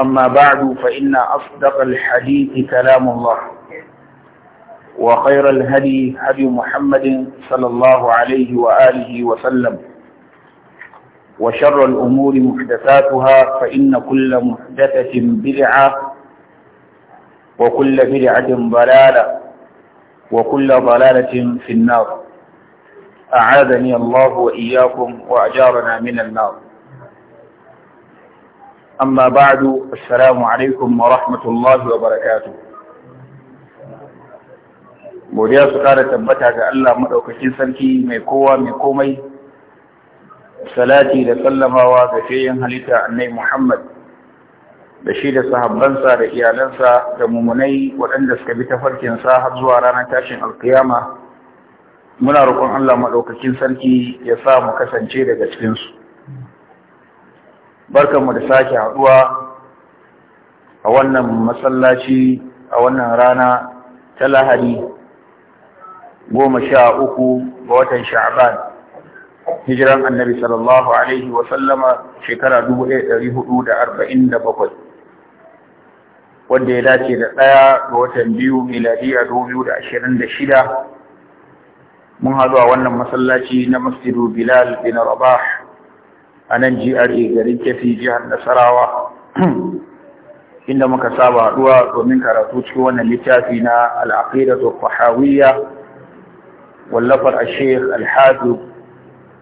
أما بعد فإن أصدق الحديث كلام الله وخير الهدي هدي محمد صلى الله عليه وآله وسلم وشر الأمور محدثاتها فإن كل محدثة بدعة وكل بدعة ضلالة وكل ضلالة في النار أعاذني الله وإياكم وأجارنا من النار أما بعد السلام عليكم ورحمة الله وبركاته godiya su ƙara tabbata ga Allah maɗaukakin sarki mai kowa mai komai salati da sallamawa ga fiyin halitta annai Muhammad da shi da sahabbansa da iyalansa da mumunai waɗanda suka bi tafarkinsa har zuwa ranar tashin alkiyama muna roƙon Allah maɗaukakin sarki ya sa mu kasance daga cikinsu barkanmu da sake haɗuwa a wannan masallaci a wannan rana ta lahadi goma sha uku ga watan sha'ban hijiran annabi sallallahu alaihi wasallama shekara dubu ɗaya ɗari hudu da arba'in da bakwai wanda ya dace da ɗaya ga watan biyu miladiya dubu biyu da ashirin da shida mun haɗu a wannan masallaci na masjidu bilal bin rabah a nan GRA garin kefi jihar Nasarawa inda muka saba haɗuwa domin karatu cikin wannan littafi na al'aqidatu fahawiyya wallafar ashe, sheikh al-Hafiz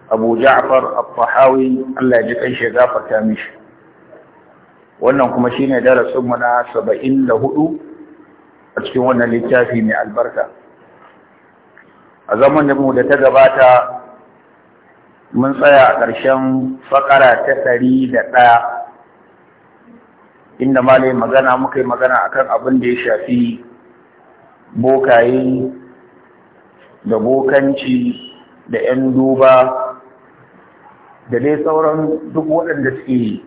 Abu Ja'far al-Fahawi Allah ya ji kan mishi wannan kuma shine darasin darasinmu na hudu a cikin wannan littafi mai albarka a zaman mu da ta gabata mun tsaya a ƙarshen fakara ta ɗari da ɗaya inda ma magana muka yi magana akan abin da ya shafi bokaye da bokanci da 'yan duba da dai sauran duk waɗanda suke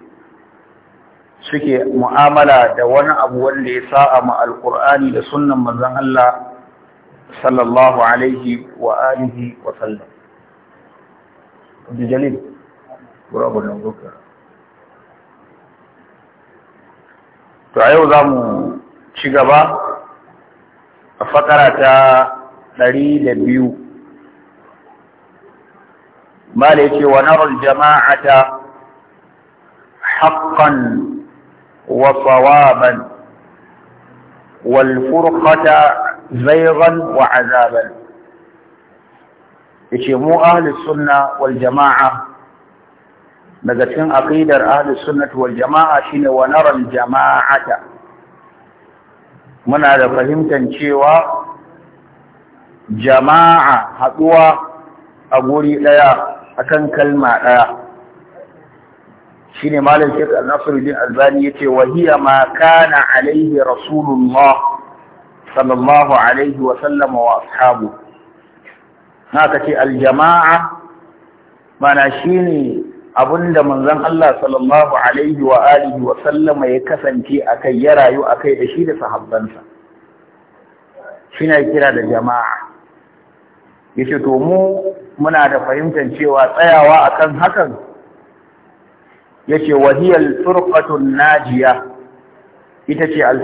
suke mu'amala da wani abu wanda ya sa'a ma alƙur'ani da sunan manzon Allah sallallahu alaihi wa wa sallam عبد الجليل برavo nan goka to a yau za mu ci gaba a fakara ta ɗari da biyu mala yake wa narar jama'ata haƙƙan wa tsawaban wal furqata zaygan wa azaban yace mu ahlus sunna wal jama'a daga cikin aqidar ahlus suna wal jama'a shine wa nara jama'ata muna da fahimtar cewa jama'a haɗuwa a guri ɗaya akan kalma ɗaya shine malam Sheikh Al-Nasruddin Albani yace wa hiya ma kana alaihi rasulullah sallallahu alaihi wa sallam wa ashabuhu na ka ce aljama'a mana shine abinda manzon Allah sallallahu alaihi wa alihi wa sallama ya kasance akai ya rayu akai da shi da sahabbansa shine kira da jama'a yace to mu muna da fahimtar cewa tsayawa akan hakan yace wahiyal furqatun najiya ita ce an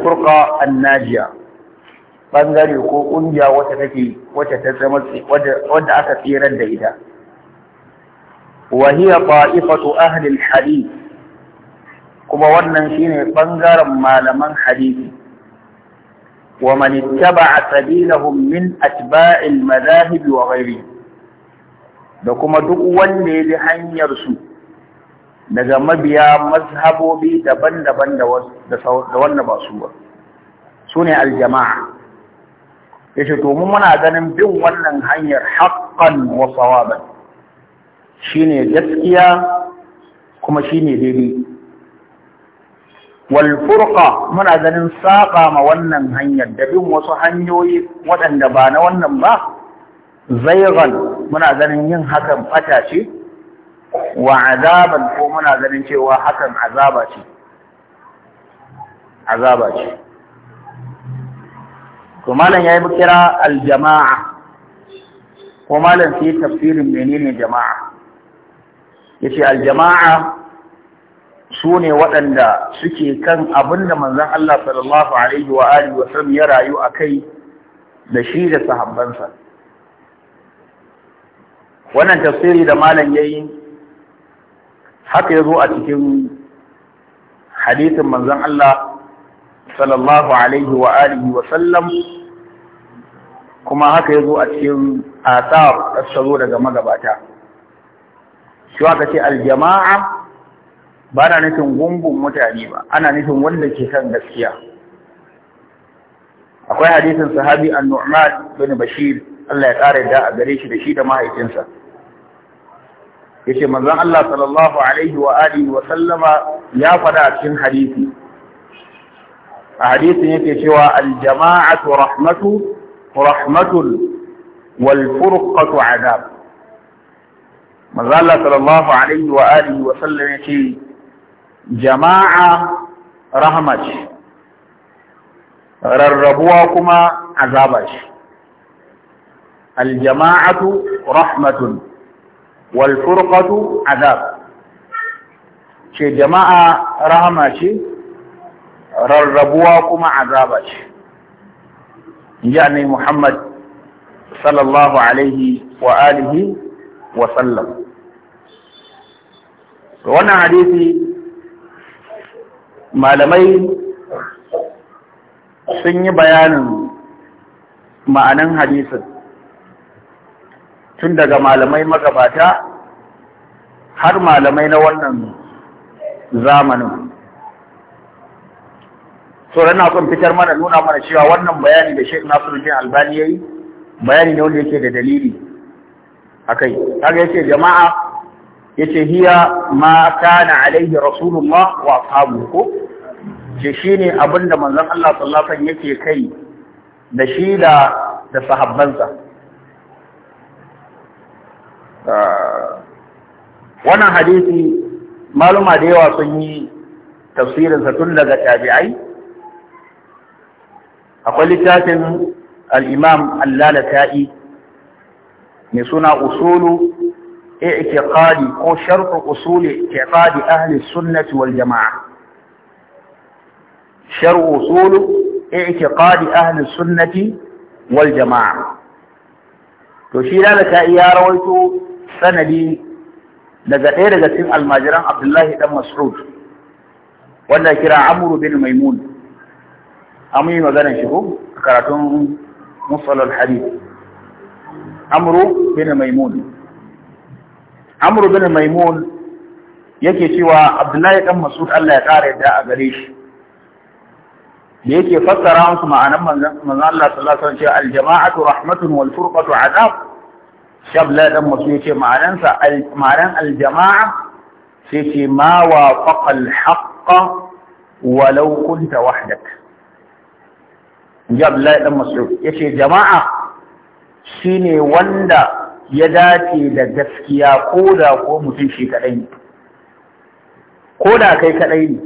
annajiya bangare ko kungiya wata take wacce ta zama wadda aka tsirar da ita wa hiya ta'ifatu ahli al-hadith kuma wannan shine bangaren malaman hadisi wa man ittaba'a sabilahum min atba'il madahib wa ghairi da kuma duk wanda ya bi hanyar su daga mabiya mazhabobi daban-daban da wanda ba su ba sune aljama'a yace to mu muna ganin bin wannan hanyar haqqan wa sawaban shine gaskiya kuma shine daidai Walfurka muna ganin saƙa ma wannan hanyar da bin wasu hanyoyi waɗanda ba na wannan ba zayran muna ganin yin hakan fata ce wa azaban ko muna ganin cewa hakan azaba ce azaba ce to malam yayi kira aljama'a ko malam sai tafsirin menene jama'a yace aljama'a su ne waɗanda suke kan abin da manzon Allah sallallahu alaihi wa alihi wa sallam ya rayu akai da shi da sahabbansa wannan tafsiri da malam yayi haka yazo a cikin hadisin manzon Allah sallallahu alaihi wa alihi wa sallam kuma haka yazo a cikin asar tsaro daga magabata shi aka ce aljama'a ba na nufin gungun mutane ba ana nufin wanda ke kan gaskiya akwai hadisin sahabi an-nu'man bin bashir Allah ya kare da a gare shi da shi da mahaifinsa yace manzon Allah sallallahu alaihi wa alihi wa sallama ya fada a cikin hadisi a hadisin yake cewa aljama'atu rahmatu rahmatul wal furqatu azab manzo Allah sallallahu alaihi wa alihi wa sallam yace jama'a rahma rarrabuwa kuma azaba ce aljama'atu rahmatun wal furqatu azab ce jama'a rahma ce rarrabuwa kuma azaba ce ya ne Muhammad sallallahu alaihi wa alihi wa sallam wannan hadisi malamai sun yi bayanin ma'anan hadisin tun daga malamai magabata har malamai na wannan zamanin so yana son fitar mana nuna mana cewa wannan bayani da Sheikh Nasiruddin Albani ya yi, bayani ne wanda yake da dalili a kai. kaga yake jama'a yace hiya ma na alaihi rasulullah wa ashabu ko ce shine abinda manzon Allah sallallahu yake kai da shi da da sahabbansa ah, wannan hadisi maluma da yawa sun yi tafsirinsa tun daga tabi'ai akwai littafin al'imam al'lalata'i mai suna usulu i'tiqadi ko sharh ke i'tiqadi ahli sunnati wal jama'a sharh usul i'tiqadi ahli sunnati wal jama'a to shi lalaka'i ya rawaito sanadi daga ɗaya daga cikin almajiran Abdullahi dan Mas'ud wanda kira Amr bin Maimun an yi maganar shi ko karatun musallar hadith amru bin maimun amru bin maimun yake cewa abdullahi dan masud Allah ya kare da a gare shi da yake fassara musu ma'anar manzon Allah sallallahu alaihi wasallam cewa aljama'atu rahmatun wal furqatu azab shabla dan masu yace ma'anansa ma'anan aljama'a sai ce ma wafaqa alhaqqa walau kunta wahdak inji Abdullahi dan Mas'ud yace jama'a shine wanda ya dace da gaskiya ko da ko mutum shi kadai ne ko da kai kadai ne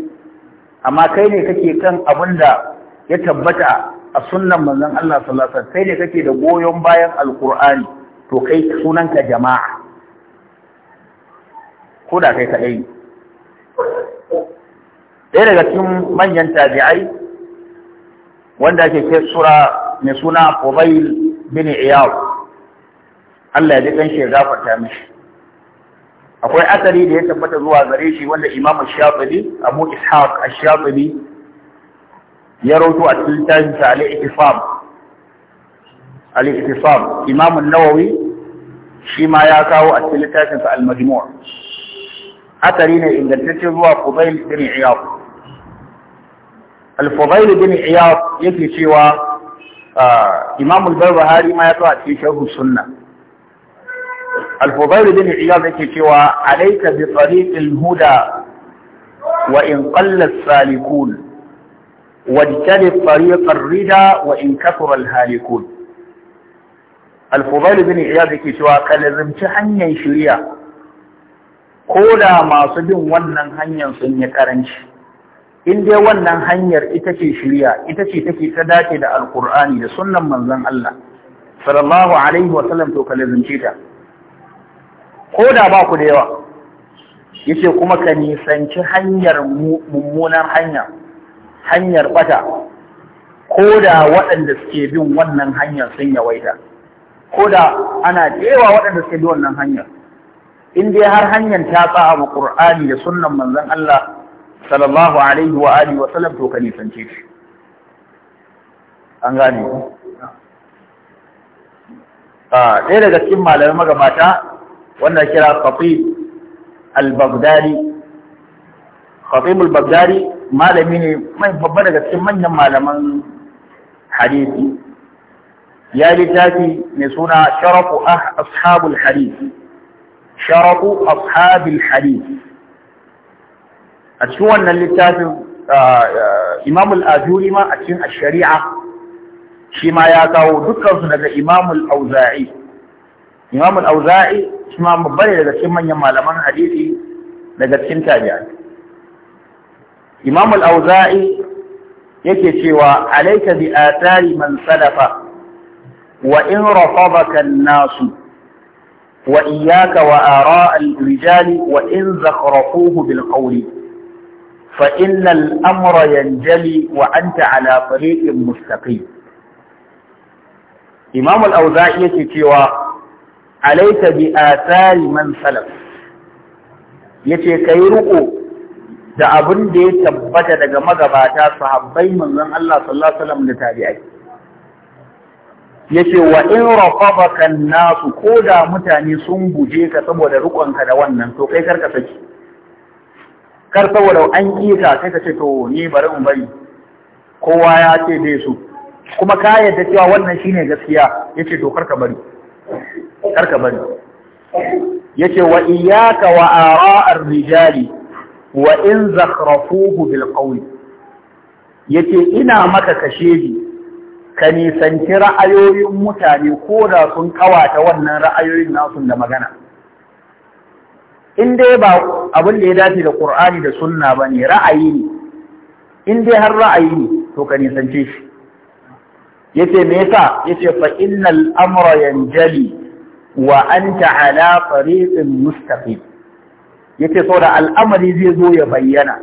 amma kai ne kake kan abin da ya tabbata a sunnan manzon Allah sallallahu alaihi wasallam kai ne kake da goyon bayan alqur'ani to kai sunanka jama'a ko da kai kadai ne ɗaya daga cikin manyan tabi'ai wanda ake ce sura mai suna Fubail bin Iyad Allah ya ji kan shi ya gafarta mishi akwai asali da ya tabbata zuwa gare shi wanda Imam Shafi'i Abu Ishaq Ash-Shafi'i ya rawaito a cikin tarihinsa al-Ittifaq al-Ittifaq Imam an-Nawawi shi ma ya kawo a cikin littafinsa al-Majmu' asali ne ingantacce zuwa Fudail bin Iyad الفضيل بن عياض يكي شوى إمام البربهاري ما يطلع في شوه السنة الفضيل بن عياض يكي شوى عليك بطريق الهدى وإن قل السالكون واجتلب طريق الرجى وإن كثر الهالكون الفضيل بن عياض يكي شوى قال لذمت حنيا شريا قولا ما صدوا ونن حنيا صنيا كرنشي in dai wannan hanyar ita ce shirya ita ce take ta dace da alkur'ani da sunnan manzon Allah sallallahu alaihi wa sallam to ka zunci ta ko da ba ku da yawa yace kuma ka nisanci hanyar mummunar hanya hanyar bata ko da waɗanda suke bin wannan hanyar sun yawaita ko da ana cewa waɗanda suke bin wannan hanyar in dai har hanyar ta tsa'a Qur'ani da sunnan manzon Allah sallallahu alaihi wa alihi wa sallam to ka nisance shi an gane ku a ah, ɗaya daga cikin malamai magabata wanda kira khatib al-baghdadi khatib al-baghdadi malami ne mai babba daga cikin manyan malaman hadisi ya tafi mai suna sharafu ashabul hadisi sharafu ashabul hadisi a cikin wannan littafin imamul ajuri ma a cikin shari'a shi ma ya kawo dukkansu daga imamul auza'i imamul auza'i shi ma babba ne daga cikin manyan malaman hadisi daga cikin tabi'a imamul auza'i yake cewa alaika bi athari man salafa wa in rafadaka an-nasu wa iyyaka wa ara'a al-rijali wa in zakhrafuhu bil qawli فإن الأمر ينجلي وأنت على طريق مستقيم إمام الأوزاعي تيوا عليك بآثار من سلف yace yi ruko da abin da ya tabbata daga magabata sahabbai manzon Allah sallallahu alaihi wasallam da tabi'ai yace wa in rafabaka an-nas ko da mutane sun guje ka saboda rukonka da wannan to kai karka saki kar saboda an kika sai ka ce to ni bari in bari kowa ya ce dai su, kuma ka yadda cewa wannan shine gaskiya yace to kar ka bari kar ka bari yace wa iyyaka wa ara'ar rijali wa in zakhrafuhu bil qawl yace ina maka kashedi ka nisanci ra'ayoyin mutane ko da sun kawata wannan ra'ayoyin nasu da magana in dai ba abin da ya dace da Qur'ani da sunna ba ne ra'ayi ne in dai har ra'ayi ne to ka nisance shi yace me yasa yace fa innal amra yanjali wa anta ala tariqin mustaqim yace da al'amari zai zo ya bayyana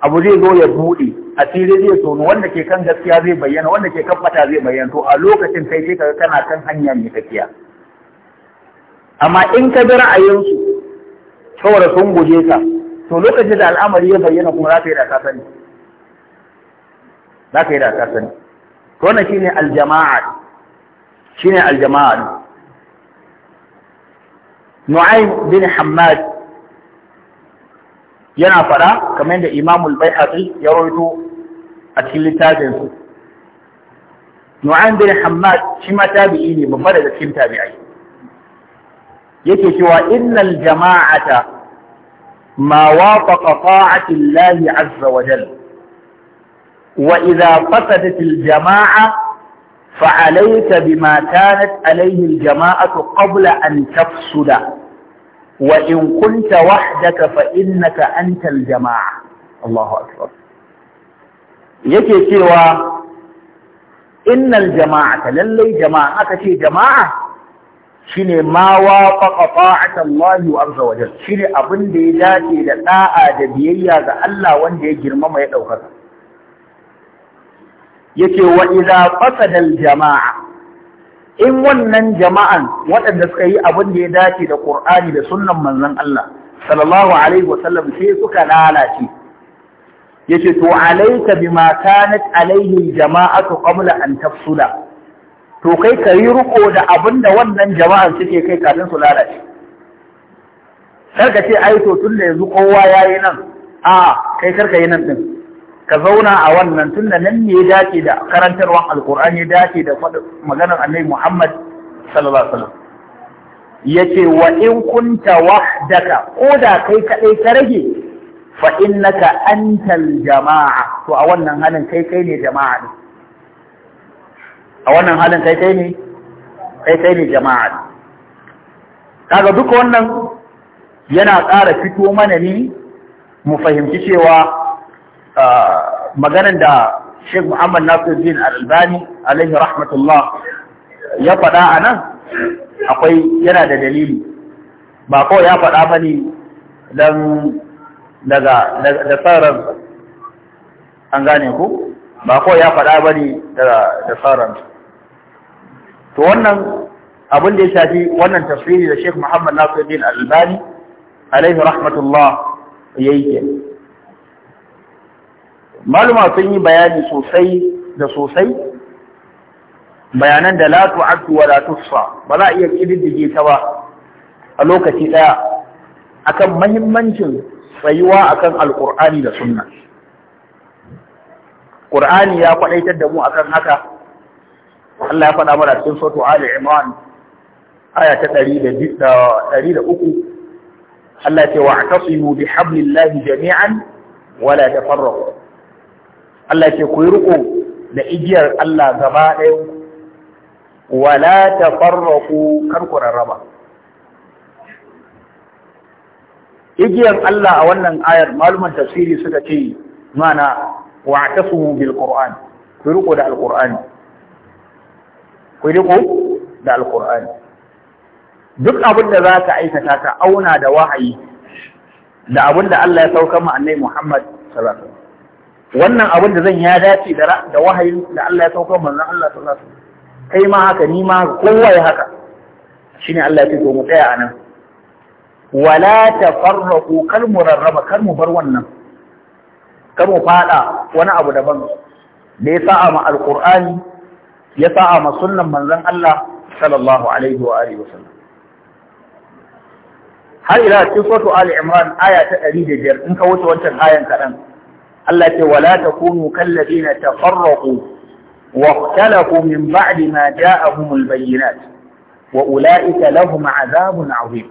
abu zai zo ya bude asiri zai tono wanda ke kan gaskiya zai bayyana wanda ke kan fata zai bayyana to a lokacin kai sai kaga kana kan hanya mai tafiya amma in ka bi ra'ayinsu saboda sun guje ka to lokacin da al'amari ya bayyana kuma za ka yi da ka sani za ka yi da ka sani to wannan shine aljama'a shine aljama'a Nu'aym bin Hammad yana fara kamar da Imam al-Baihaqi ya rawaito a cikin littafin su Nu'aym bin Hammad shi ma tabi'i ne babba daga cikin tabi'ai yake cewa innal jama'ata ما وافق طاعة الله عز وجل وإذا فسدت الجماعة فعليك بما كانت عليه الجماعة قبل أن تفسد وإن كنت وحدك فإنك أنت الجماعة الله أكبر يكي سوى إن الجماعة lallai في جماعة shine ma wafaqa ta'ata Allah azza wa shine abin da ya dace da da'a da biyayya ga Allah wanda ya girmama ya daukaka yake wa idza fasada jamaa in wannan jama'an waɗanda suka yi abin da ya dace da Qur'ani da sunnan manzon Allah sallallahu alaihi wa sallam sai suka lalace yace to alayka bima kanat alaihi jama'atu qabla an tafsula to kai ka yi riko da abin da wannan jama'ar suke kai kafin su lalace karka ce ai to tun da yanzu kowa ya yi nan a kai karka yi nan din ka zauna a wannan tun da nan ne ya dace da karantarwar alkur'ani ya dace da maganar annabi muhammad sallallahu alaihi yace wa in kunta wahdaka ko da kai kadai ka rage fa innaka antal jama'a to a wannan halin kai kai ne jama'a ne a wannan halin kai kai ne kai kai ne jama'a kaga duk wannan yana ƙara fito mana ni mu fahimci cewa maganan da Sheikh Muhammad Nasiruddin Al-Albani alaihi rahmatullah ya faɗa a nan akwai yana da dalili ba kawai ya faɗa ba ne don daga da tsarar an gane ku ba kawai ya faɗa ba ne da tsarar to wannan abin da ya shafi wannan tafsiri da Sheikh Muhammad Nasiruddin Al-Albani alaihi rahmatullah yayi ke maluma sun yi bayani sosai da sosai bayanan da la tu'addu wa la tuhsa ba za a iya kididdige ta ba a lokaci daya akan mahimmancin tsayuwa akan alqur'ani da sunna qur'ani ya kwadaitar da mu akan haka Allah ya faɗa mana cikin sautu Ali Imran aya ta ɗari da uku Allah ce wa tasimu bi hablillahi jami'an wala ta farra. Allah ce ku yi riko da igiyar Allah gaba ɗaya wala tafarraqu kar ku rarraba igiyar Allah a wannan ayar maluman tafsiri suka ce mana wa tasimu bil qur'an ku yi riko da alqur'ani ku riko da alqur'ani duk abin da zaka aikata ka auna da wahayi da abin da Allah ya sauka ma annabi Muhammad sallallahu alaihi wasallam wannan abin da zan ya dace da da wahayin da Allah ya sauka manzon Allah sallallahu alaihi wasallam kai ma haka ni ma kowa ya haka shine Allah ya ce to mu tsaya anan wala tafarraqu kal murarraba kal mu bar wannan kar mu fada wani abu daban da ya sa ma alqur'ani ya sa'a ma sunnan manzon Allah sallallahu alaihi wa alihi wasallam har ila cikin suratu Ali Imran aya ta ɗari da biyar in ka wuce wancan ayan kaɗan. Allah ce wala takunu ta tafarraqu wa ikhtalafu min ba'di ma ja'ahumul bayyinat wa ulaika lahum azabun 'azim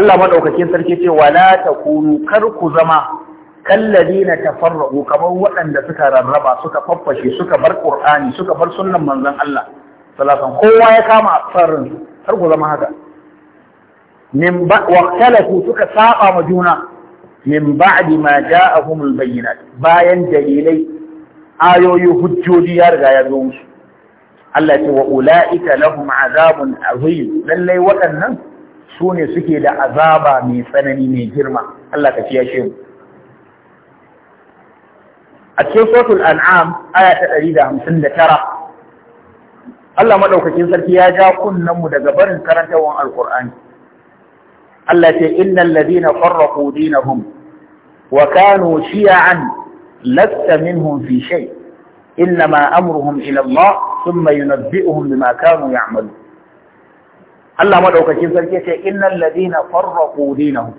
Allah madaukakin sarki ce wala takunu kar ku zama na tafarraqu kamar waɗanda suka rarraba suka faffashe suka bar ƙur'ani, suka bar sunnan manzon Allah sallallahu kowa ya kama tsarin har ku zama haka min ba waqtalatu suka saba ma juna min ba'di ma ja'ahumul bayyinat bayan dalilai ayoyi hujjoji ya riga ya zo musu Allah ya ce wa ula'ika lahum azabun azim lallai waɗannan su ne suke da azaba mai tsanani mai girma Allah ka ciyashe mu a cikin suratul an'am aya ta 159 Allah madaukakin sarki ya ja kunnanmu daga barin karantawan alqur'ani Allah ce innal ladina farraqu dinahum wa kanu shi'an lasta minhum fi shay innama amruhum ila Allah thumma yunabbi'uhum bima kanu ya'malun Allah madaukakin sarki ya ce innal ladina farraqu dinahum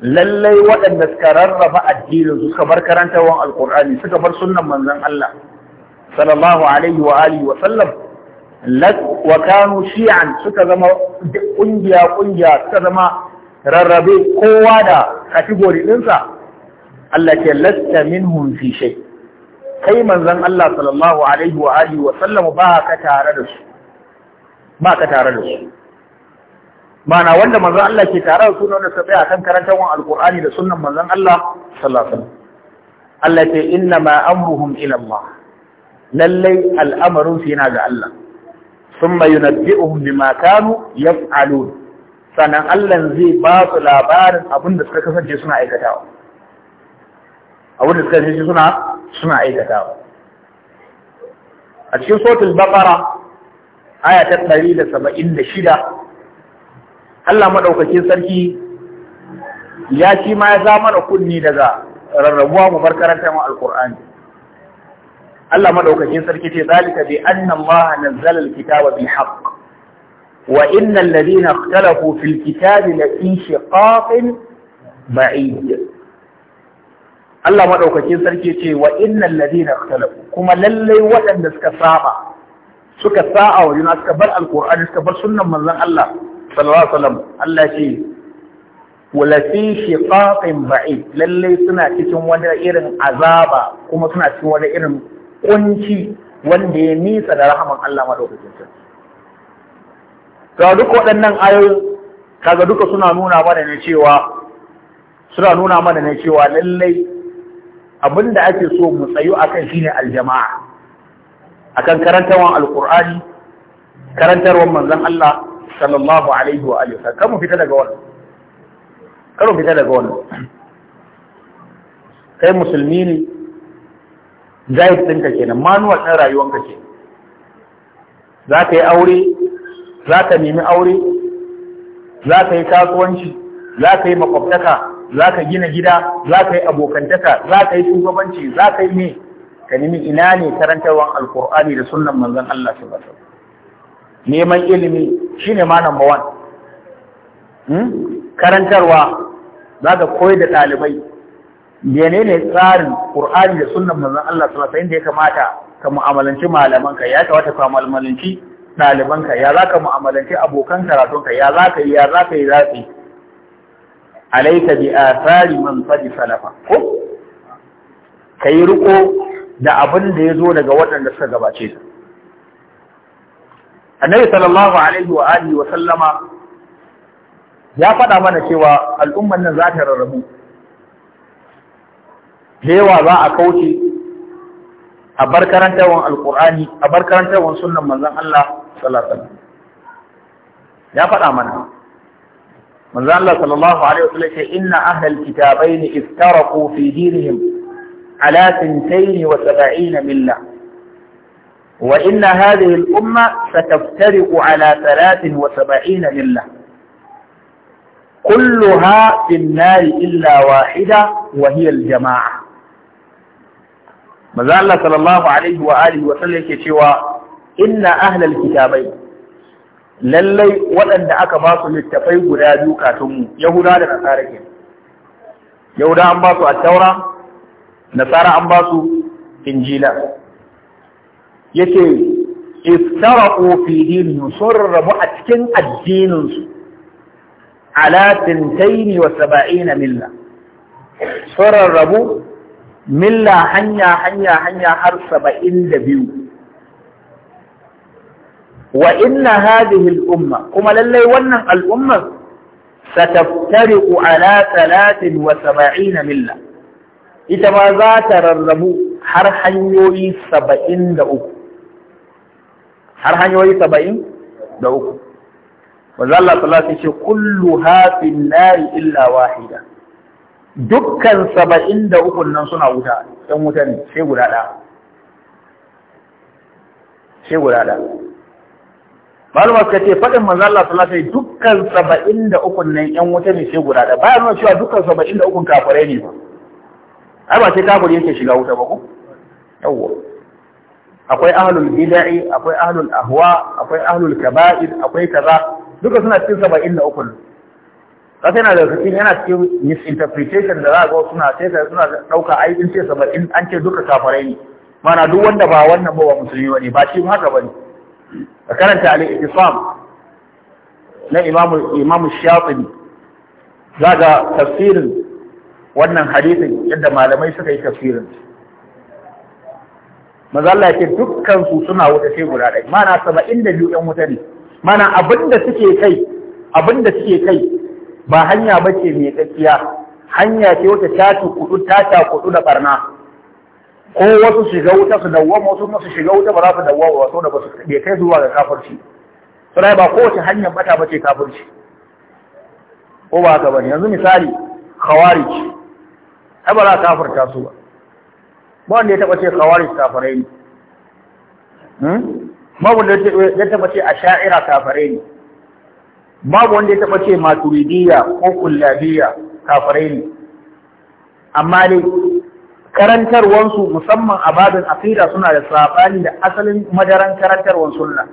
lallai waɗanda suka rarraba addinin suka bar karantawan alqur'ani suka bar sunan manzon Allah sallallahu alaihi wa alihi wa sallam wa kanu shi'an suka zama ƙungiya ƙungiya suka zama rarrabe kowa da kategori ɗinsa Allah ce lasta minhum fi shay kai manzon Allah sallallahu alaihi wa alihi wa sallam ba ka tare da su ba ka tare da su mana wanda manzon Allah ke tare da sunan da tsaya kan karantar wa alqur'ani da sunnan manzon Allah sallallahu alaihi wasallam Allah ce inna ma amruhum ila Allah lallai al'amarin su yana ga Allah thumma yunabbi'uhum bima kanu yaf'alun sanan Allah zai ba su labarin abin da suka kasance suna aikatawa abin da suka kasance suna suna aikatawa a cikin suratul baqara aya ta 176 Allah maɗaukakin sarki ya ci ma ya zama da kunni daga rarrabuwa mu bar karanta mu alqur'ani Allah maɗaukakin sarki ce zalika bi anna Allah nazzala alkitaba bil haqq wa inna alladhina ikhtalafu fil kitabi la fi shiqaqin ba'id Allah maɗaukakin sarki ce wa inna alladhina ikhtalafu kuma lallai waɗanda suka saba suka sa'a wa juna suka bar alqur'ani suka bar sunnan manzon Allah sallallahu Allah ce wala fi shiqaqin ba'id lalle suna cikin wani irin azaba kuma suna cikin wani irin kunci wanda ya nisa da rahaman Allah madaukakin sarki ga duk waɗannan ayoyi kaga duka suna nuna mana ne cewa suna nuna mana ne cewa lallai abinda ake so mu tsayu akan shine aljama'a akan karantawan alqur'ani karantarwan manzon Allah sallallahu alaihi wa alihi kar mu fita daga wannan kar mu fita daga wannan kai musulmi ne guide ka kenan manual ɗin rayuwanka ce. za ka yi aure za ka nemi aure za ka yi kasuwanci za ka yi makwabtaka za ka gina gida za ka yi abokantaka za ka yi shugabanci za ka yi ne ka nemi ina ne karantarwar alkur'ani da sunan manzan Allah sallallahu alaihi neman ilimi shine ma number one hmm? karantarwa za ka koyar da ɗalibai menene tsarin ƙur'ani da sunnan manzon Allah sallallahu alaihi da ya kamata ka mu'amalanci malamanka ya kamata ka mu'amalanci ɗalibanka ya za ka mu'amalanci abokan karatunka ya za ka yi ya za ka yi za ka yi alaika bi asari man fadi salafa ko ka yi riko da abin da ya zo daga waɗanda suka gabace su annabi sallallahu alaihi wa alihi wa sallama ya faɗa mana cewa al'umman nan za ta rarrabu da yawa za a kauce a bar karantarwar alkur'ani a bar karantarwar sunan manzon Allah sallallahu alaihi ya faɗa mana manzon Allah sallallahu alaihi wasallam ce inna ahlal kitabaini iftaraqu fi dinihim ala 72 milla وإن هذه الأمة ستفترق على ثلاث وسبعين ملة كلها في النار إلا واحدة وهي الجماعة مزال صلى الله عليه وآله وسلم كتوى إن أهل الكتابين للي ولن دعك باصل للتفيق لا دوكا تمو يهودا لنصارك يهودا أنباصوا التورا نصارى أنباصوا إنجيلا yace iftara'u fi dinihim sun rarrabu a cikin addininsu ala tintaini wa saba'ina milla sun rarrabu milla hanya hanya hanya har saba'in da biyu wa inna hadhihi al kuma lallai wannan al'ummar sataftariqu ala talatin wa saba'ina milla ita ma za ta rarrabu har hanyoyi saba'in da uku har hanyoyi saba'in da uku manzo Allah sallallahu alaihi kullu hafin nari illa wahida dukkan saba'in da uku nan suna wuta ɗan wuta ne sai guda ɗaya sai guda ɗaya malama suka ce faɗin manzo Allah sallallahu alaihi dukkan saba'in da uku nan ƴan wuta ne sai guda ɗaya bayan nuna cewa dukkan saba'in da uku kafirai ne ba ai ba sai kafiri yake shiga wuta ba ko yawwa akwai ahlul bid'i akwai ahlul ahwa akwai ahlul kaba'ir akwai kaza duka suna cikin 73 kasa yana da cikin yana cikin misinterpretation da za ga suna sai ka suna dauka ai in ce 70 an ce duka kafirai ne mana duk wanda ba wannan ba musulmi bane ba shi haka bane ka karanta al ittifam na imam imam shafi'i za ga tafsirin wannan hadisin yadda malamai suka yi tafsirin maza Allah ya ce dukkan su suna wuta sai guda ɗaya mana saba'in da biyu ɗan wuta ne mana abinda da suke kai abinda suke kai ba hanya ba ce mai tsakiya hanya ce wata ta kudu ta ta kudu da barna ko wasu shiga wuta su dawwama wasu su shiga wuta ba za su dawwama wasu da ba su bai kai zuwa ga kafirci sai ba kowace hanyar bata ba ce kafirci ko ba ka bane yanzu misali khawarij ai ba za ka kafirta su ba ba wanda ya taba ce khawarij kafirai ne hmm babu wanda ya taba ce sha'ira kafirai ne babu wanda ya taba ce maturidiyya ko kullabiyya kafare ne amma dai karantarwansu musamman a babin aqida suna da sabani da asalin madaran karantarwar sunna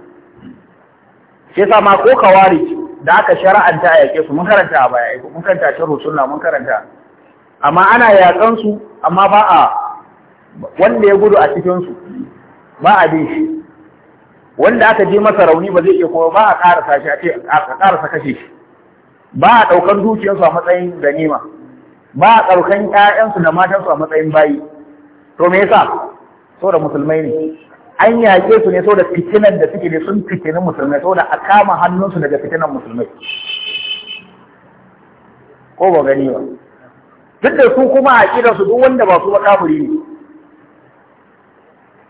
sai sa ma ko kawari da aka shara'anta a yake su mun karanta a baya mun karanta sharhu sunna mun karanta amma ana yakan su amma ba a wanda ya gudu a cikinsu ba a bin shi wanda aka je masa rauni ba zai iya kuma ba a karasa shi a ce a karasa kashe shi ba a ɗaukar dukiyarsu a matsayin ganima ba a ɗaukan ƴaƴansu da matansu a matsayin bayi to me yasa saboda musulmai ne an yaƙe su ne saboda fitinan da suke ne sun fitini musulmai saboda a kama hannunsu daga fitinan musulmai ko ba gani ba duk da su kuma a kiransu duk wanda ba su ba kafiri ne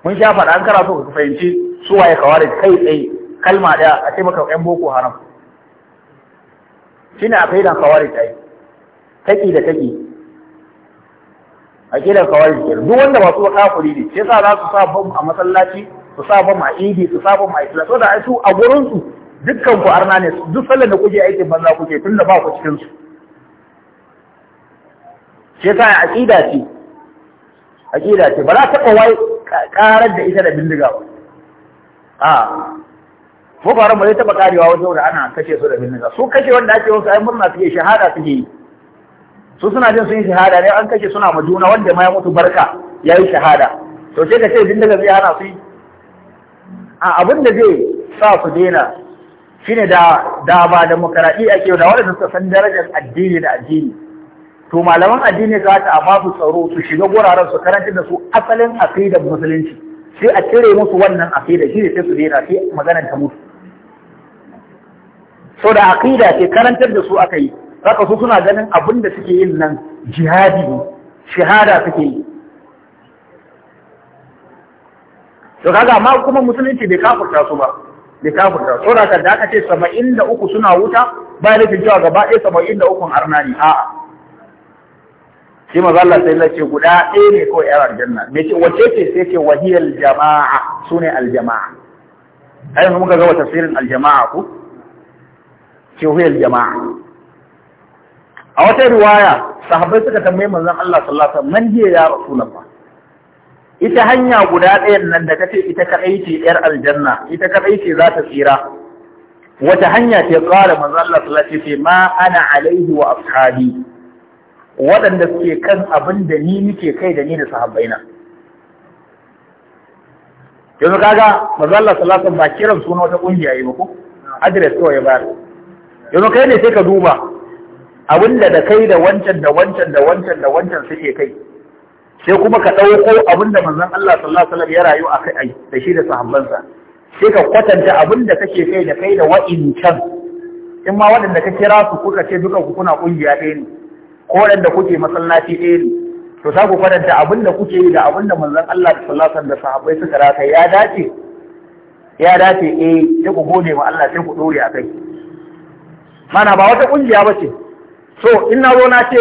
mun sha faɗa an karatu so ka fahimci su waye kawari kai tsaye kalma ɗaya a ce maka ƴan boko haram shine a kaidan kawari tsaye taki da taki a kaidan kawari tsaye duk wanda ba su kuri ne sai sa za su sa bam a masallaci su sa bam a idi su sa bam a isla saboda ai su a gurin su dukkan ku arna ne duk sallar da kuke aikin banza kuke da ba ku cikin su sai sa aqida ce aqida ce ba za ta kawai karar da ita da bindiga ba a boko ba zai taba karewa wajen wanda ana kashe su da bindiga su kashe wanda ake wasu ayin murna suke shahada suke yi su suna jin sun yi shahada ne an kashe suna ma juna wanda ma ya mutu barka ya yi shahada to sai ka ce bindiga zai hana su yi a abin da zai sa su daina shine da da ba da mukaradi ake da waɗanda suka san darajar addini da addini to malaman addini za ta amma su tsaro su shiga guraren su karanta da su asalin aqidar musulunci sai a cire musu wannan aqida shi sai su daina sai maganar ta mutu so da aqida ke karantar da su aka yi saka su suna ganin abinda da suke yin nan jihadi ne shahada suke yi to kaga amma kuma musulunci bai kafurta su ba bai kafurta so da da aka ce 73 suna wuta ba laifin cewa gaba ɗaya 73 arna ne a'a shi maza Allah sai Allah ce guda ɗaya ne kawai yar aljanna me ce wace ce sai ce wahiyar jama'a su ne aljama'a ai mun muka wa tafsirin aljama'a ku ce wahiyar jama'a a wata riwaya sahabbai suka tambayi manzon Allah sallallahu alaihi wasallam man hiya ya rasulullah ita hanya guda ɗayan nan da kace ita kadai ce yar aljanna ita kadai ce za ta tsira wata hanya ce tsara manzon Allah sallallahu alaihi wasallam ma ana alaihi wa ashabi waɗanda suke kan abin da ni nike kai da ni da sahabbaina yanzu kaga manzo Allah sallallahu alaihi ba kiran suna wata kungiya yi muku address kawai ya bayar yanzu kai ne sai ka duba abin da da kai da wancan da wancan da wancan da wancan suke kai sai kuma ka ɗauko abin da manzon Allah sallallahu alaihi wasallam ya rayu a kai da shi da sahabbansa sai ka kwatanta abin da kake kai da kai da can in ma waɗanda ka kira su kuka ce duka ku kuna kungiya ɗaya ne ko da kuke masallaci ɗaya ne to za ku faranta abin da kuke yi da abin da manzon Allah da sallasa da sahabbai suka rata ya dace ya dace eh sai ku gode ma Allah sai ku dore akai mana ba wata kungiya ce. so in na zo na ce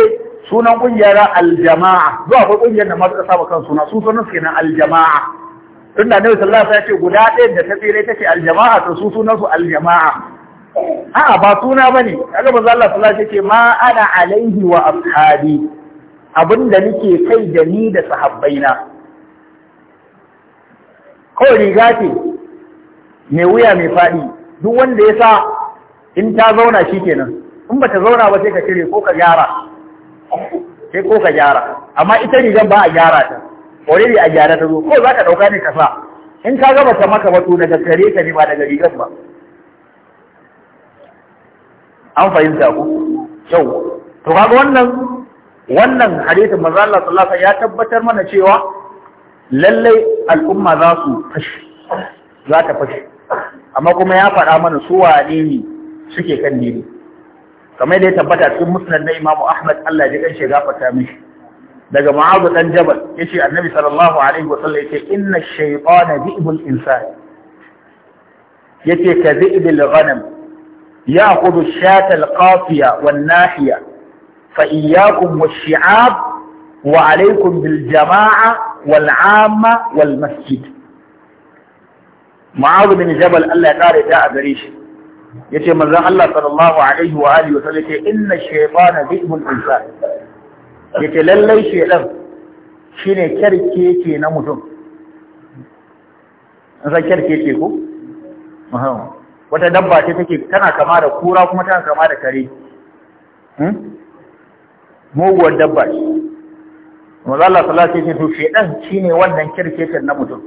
sunan kungiyar aljama'a zuwa akwai kungiyar da masu kasa kan suna su sunan suke nan aljama'a tunda da sallallahu alaihi ya ce guda ɗaya da ta ta ce aljama'a to su sunan su aljama'a a'a ba suna ba bane kaga manzo Allah sallallahu alaihi ce ma ana alaihi wa ashabi da nake kai da ni da sahabbaina kawai riga ce mai wuya mai faɗi duk wanda ya sa in ta zauna shi kenan in ba ta zauna ba sai ka cire ko ka gyara sai ko ka gyara amma ita rigan ba a gyara ta already a gyara ta zo ko za ka ɗauka ne ka sa in ka gaba ta maka wato daga kare ka ne ba daga rigan ba an fahimta ku yau to kaga wannan wannan hadisi manzo Allah sallallahu alaihi ya tabbatar mana cewa lallai al'umma za su fashi za ta fashi amma kuma ya faɗa mana su wane ne suke kan dini kamar da ya tabbata cikin musnad na Imam Ahmad Allah ya kan shiga fata mishi daga Mu'adh dan Jabal yace Annabi sallallahu alaihi wasallam yace inna ash-shaytana bi'bul insani yace ka ghanam يأخذ الشاة القافية والناحية فإياكم والشعاب وعليكم بالجماعة والعامة والمسجد معاذ بن جبل الله تعالى جاء بريش يتي من الله صلى الله عليه وآله وسلم إن الشيطان ذئب الإنسان يتي للي شيطان شيني كاركيكي نمتم نسا كاركيكيكو مهو wata dabba ce take tana kama da kura kuma tana kama da kare hmm? muguwar dabba ce manzo Allah sallallahu alaihi wasallam shedan shine wannan kirkecen na mutum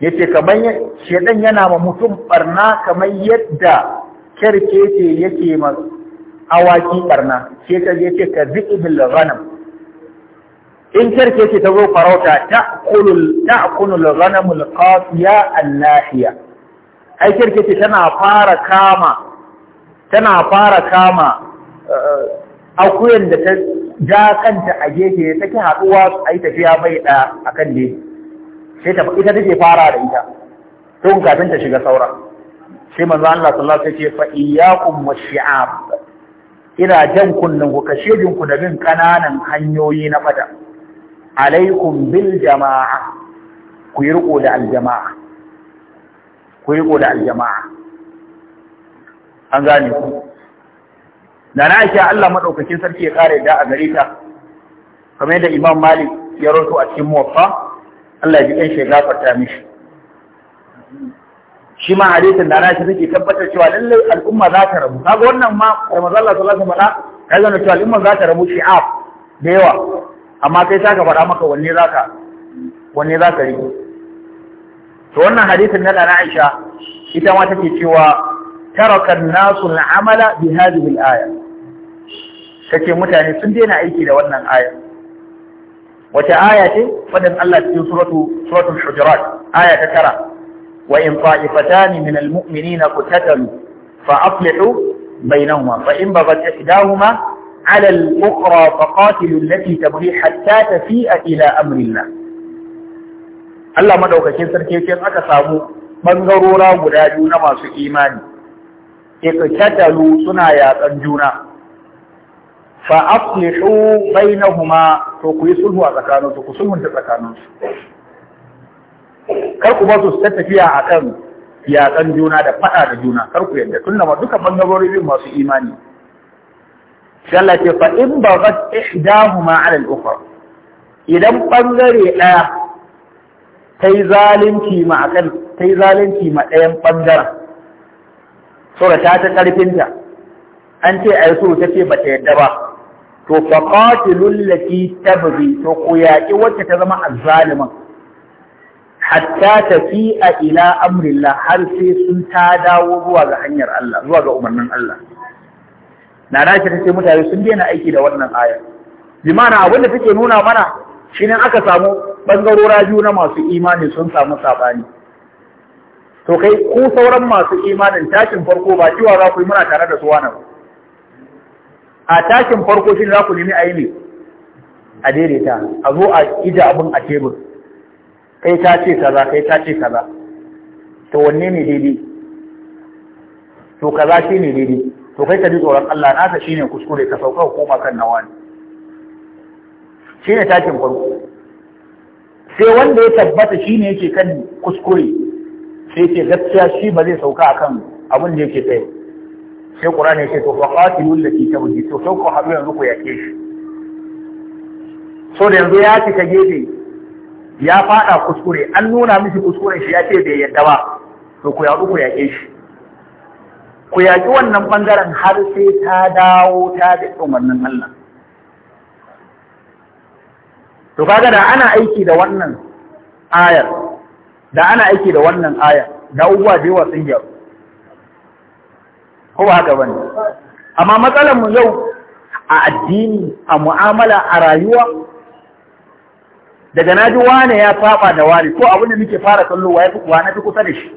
yace kaman shedan yana ma mutum barna kamar yadda kirkece yake ma awaki barna sai ka yace ka zibil ghanam in kirkece ta zo farauta ta kulul ta kunul ghanamul qasiya al-nahiya ai kirkiti tana fara kama tana fara kama eh, akuyan da ta ja kanta a gefe take haɗuwa a yi tafiya bai ɗaya a kan ne sai ta ita take fara da ita tun kafin ta shiga saura sai manzo Allah sallallahu alaihi wasallam ce fa iyyakum washi'ab ina jan kunne ku kashe jin ku da bin kananan hanyoyi na fada alaikum bil jama'a ku yi riko da aljama'a ku riko da aljama'a an gane ku da na aisha Allah madaukakin sarki ya kare da a gare ta kamar yadda Imam Malik ya rawaito a cikin Muwaffa Allah ya ji kanshi ya gafarta mishi shi ma hadisin da na shi take tabbatar cewa lallai al'umma za ta rabu kaga wannan ma Ramadan Allah sallallahu alaihi wasallam ya na cewa al'umma za ta rabu shi'ab da yawa amma kai ta ka faɗa maka wanne za ka wanne rike to wannan hadisin na Nana Aisha ita ma take cewa taraka an amala bi hadhihi al-aya mutane sun daina aiki da wannan aya wata aya ce fadan Allah cikin suratu suratul hujurat aya ta tara wa in ta'ifatan min al-mu'minina qatatalu fa aslihu bainahuma fa in baghat ihdahuma على الأخرى فقاتلوا التي تبغي حتى تفيء ila amri الله Allah madaukakin sarki ce aka samu bangarora guda biyu na masu imani iqtatalu suna yatsan juna fa aslihu bainahuma to ku yi sulhu a tsakaninsu ku sulhunta tsakaninsu kar ku ba su ta tafiya kan yatsan juna da fada da juna kar ku yadda tunda ma duka bangarori biyu masu imani sai Allah ce fa in baghat ihdahuma ala al-ukhra idan bangare daya ta yi zalunci ma akan ta yi zalunci ma ɗayan ɓangaren saboda ta ta ƙarfinta an ce ai so ta ce ba ta yadda ba to fa qatilul ta tabghi to ku yaƙi wacce ta zama azzaliman hatta a ila amrillah har sai sun ta dawo zuwa ga hanyar Allah zuwa ga umarnin Allah na dace ta ce mutane sun daina aiki da wannan aya bi ma'ana abinda take nuna mana shi ne aka samu ɓangarora biyu na masu imani sun samu saɓani to kai ku sauran masu imanin tashin farko ba cewa za ku yi muna tare da su wani a tashin farko shi ne za ku nemi a yi ne a daidaita a zo a ija abin a tebur kai ta ce kaza kai ta ce kaza to wanne ne daidai to kaza shi ne daidai to kai ka ji tsoron Allah na ka shi ne kuskure ka sauka ko kan nawa ne shi ne tashin farko sai wanda ya tabbata shi ne yake kan kuskure sai ce gaskiya shi ba zai sauka a kan abin da yake tsaye sai ƙura ne ya ce to faqatilu allati tabghi to sauko haɗu yanzu ku yake shi so da yanzu ya ka gefe ya fada kuskure an nuna mishi kuskure shi ya ce bai yadda ba to ku yaƙu ku yaƙe shi ku yaƙi wannan ɓangaren har sai ta dawo ta da wannan Allah to kaga da ana aiki da wannan ayar da ana aiki da wannan ayar da uwa da wa sun ko ba haka bane amma matsalar mu yau a addini a mu'amala a rayuwa daga naji wane ya faɓa da wani ko abin da muke fara kallo wa na fi kusa da shi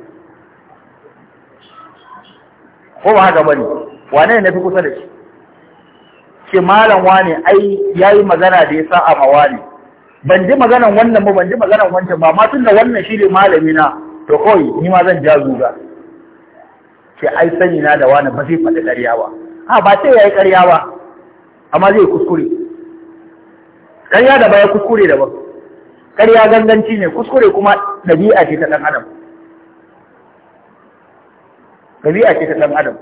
ko ba haka bane wane ne fi kusa da shi Ke malam wane ai yayi magana da ya a ma wane ban ji maganan wannan ba ban ji maganan wancan ba ma tunda wannan shi ne malami na to kawai ni ma zan ja zuga ke ai sani na da wani ba zai faɗi ƙarya ba ha ba sai yayi ƙarya ba amma zai kuskure ƙarya da baya kuskure da ba, ƙarya ganganci ne kuskure kuma ɗabi'a ce ta ɗan adam dabi'a ce ta dan adam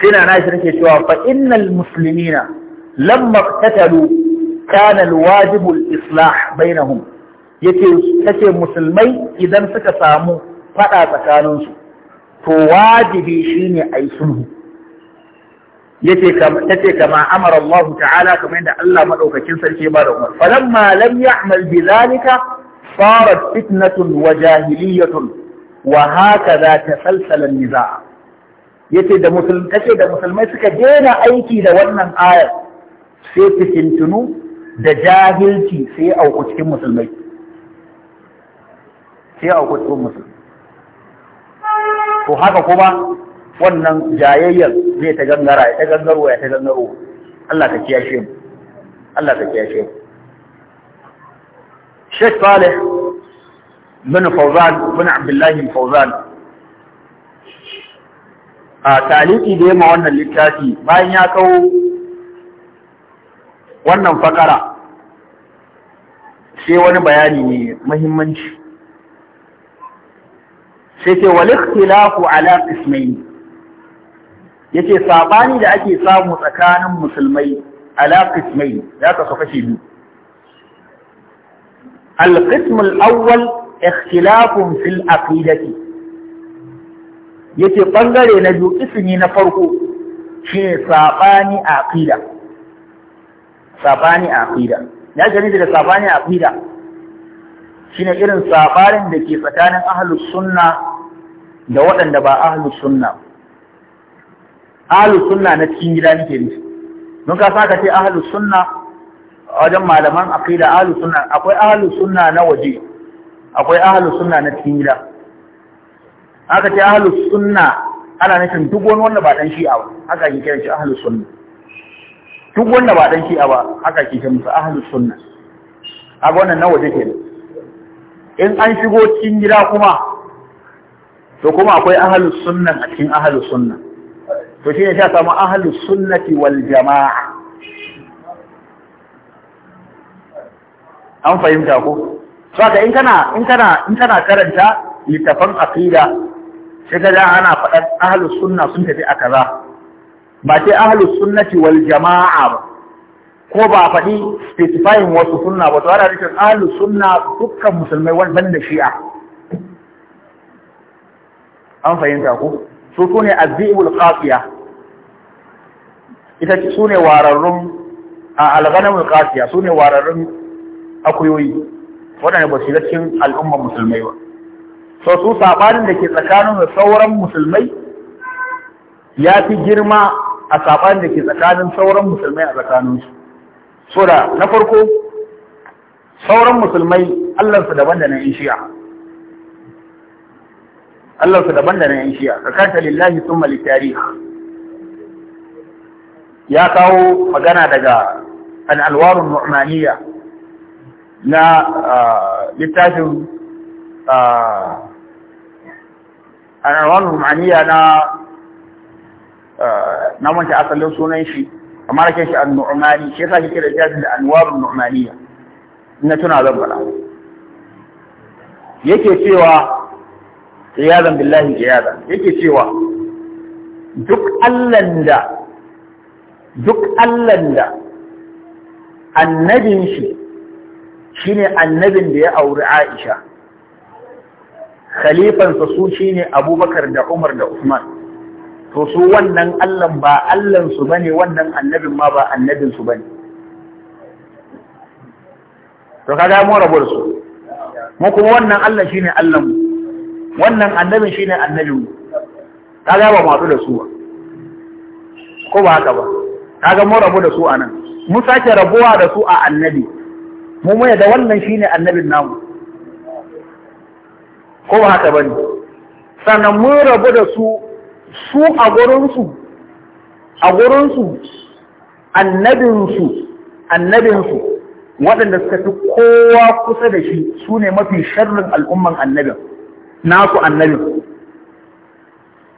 sai na nashi nake cewa fa innal muslimina lamma qatalu Kanal wajibul al-islah bainahum yake yake musulmai idan suka samu faɗa tsakaninsu. su to wajibi shine ayi sulhu yake kama tace kama ta'ala kamar yadda Allah madaukakin sarki ba da umar falamma lam ya'mal bidhalika sarat fitnatun wa jahiliyatun wa hakaza tasalsala an-niza' da musulmai suka daina aiki da wannan ayar sai fitintunu da jahilci sai auku cikin musulmai sai auku cikin musulmai to haka kuma wannan jayayyar zai ta gangara ya ta gangaro ya ta gangaro Allah ka kiyashe mu Allah ka kiyashe mu Sheikh Saleh bin Fawzan bin Abdullah Fawzan a taliki da yamma wannan littafi bayan ya kawo wannan fakara sai wani bayani ne mahimmanci sai ce wal ala qismayn yace sabani da ake samu tsakanin musulmai ala qismayn ya ka kashi biyu al qism al awwal ikhtilafun fil aqidati yace bangare na biyu ismi na farko shine sabani aqida sabani a aqida ya ke nufi da sabani a aqida shine irin sabarin da ke tsakanin ahlus sunna da waɗanda ba ahlus sunna ahlus sunna na cikin gida nake ne Mun ka saka ce ahlus sunna wajen malaman aqida ahlus sunna akwai ahlus sunna na waje akwai ahlus sunna na cikin gida aka ce ahlus sunna ana nufin duk wani wanda ba dan shi'a ba haka yake kiran shi ahlus sunna duk wanda ba dan shi'a ba haka ke musu ahlus sunna a wannan nawa take in an shigo cikin gida kuma to kuma akwai ahlus sunna a cikin ahlus sunna to shine sai samu ahlus sunnati wal jamaa an fahimta ko saka in kana in kana in kana karanta littafan aqida sai ga ana faɗar ahlus sunna sun tafi a kaza ba ce ahlus sunnati wal jama'a ba ko ba faɗi specifying wasu sunna ba to ana nufin ahlus sunna dukkan musulmai wannan da shi'a an fahimta ku su sune azibul qafiya ita su ne wararrun a alghanamul qafiya su ne wararrun akuyoyi waɗanda ba su shiga cikin musulmai ba so su sabanin da ke tsakanin sauran musulmai ya fi girma a saɓanin da ke tsakanin sauran musulmai a tsakaninsu. So da na farko, sauran musulmai Allahnsu daban da na ‘yan shiya. Allahnsu daban da na ‘yan ka kanta lillahi sun malitari. Ya kawo magana daga an alwarun nu'maniya na ah, littafin an ah, alwarun nu'maniya na na manta asalin sunan shi amma rake shi an-nu'mani shi yasa kike da jazin da anwarun nu'maniya ina tuna zan fara yake cewa iyazan billahi iyazan yake cewa duk allan da duk allan da annabin shi shine annabin da ya auri Aisha khalifansa su shine Abubakar da Umar da Usman to su wannan Allahn ba Allahnsu ba ne wannan annabin ma ba annabinsu ba ne. To kaga mu rabu su, mu kuma wannan Allah shi ne Allahnmu, wannan annabin shi ne annabinmu, kaga ba masu da su ba, ko ba haka ba, kaga mu rabu da su a nan, mu sake rabuwa da su a annabi, mu mai da wannan shi ne annabin namu, ko ba haka ba ne. Sannan mu rabu da su su a gurinsu a gurinsu annabinsu annabinsu waɗanda suka fi kowa kusa da shi su ne mafi sharrin al'umman annabin nasu annabin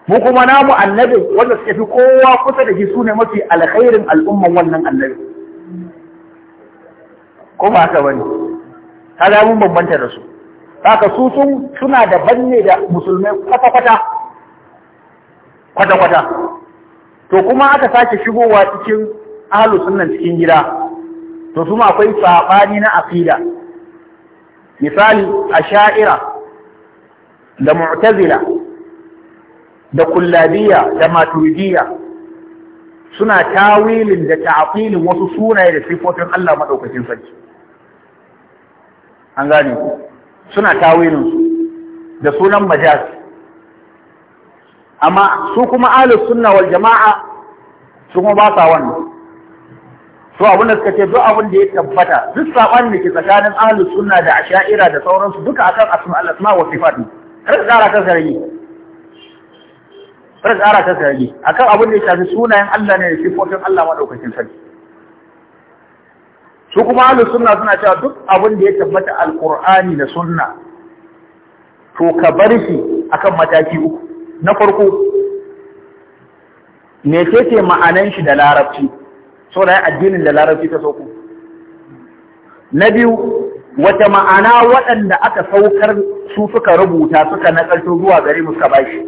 mu kuma namu annabin wanda suka fi kowa kusa da shi su ne mafi alkhairin al'umman wannan annabin kuma ba haka bane kaga mun bambanta da su haka su sun suna da ne da musulmai kwata-kwata kwata-kwata to kuma aka sake shigowa cikin ahlus sunnan cikin gida to kuma akwai saɓani na aqida misali a Shaira da mu'tazila da Kullabiya da maturidiyya suna tawilin da ta'atilin wasu sunaye da sifofin Allah maɗaukacin sarki an gane ku suna tawilinsu da sunan majasi. amma su kuma alis sunna wal jama'a su kuma ba sa wannan su abinda da suka ce duk abin da ya tabbata duk saban da ke tsakanin alis sunna da asha'ira da sauransu duka akan asma al asma wa sifat kar ka kara kanka rage kar ka kara kanka akan abin da ya shafi sunayen Allah ne da sifofin Allah madaukakin sarki su kuma alis sunna suna cewa duk abin da ya tabbata alqur'ani da sunna to ka bar shi akan mataki uku na farko me ce ma'anan shi da larabci da ya addinin da larabci ta sauko na biyu wata ma'ana waɗanda aka saukar su suka rubuta suka nakalto zuwa gare mu suka bashi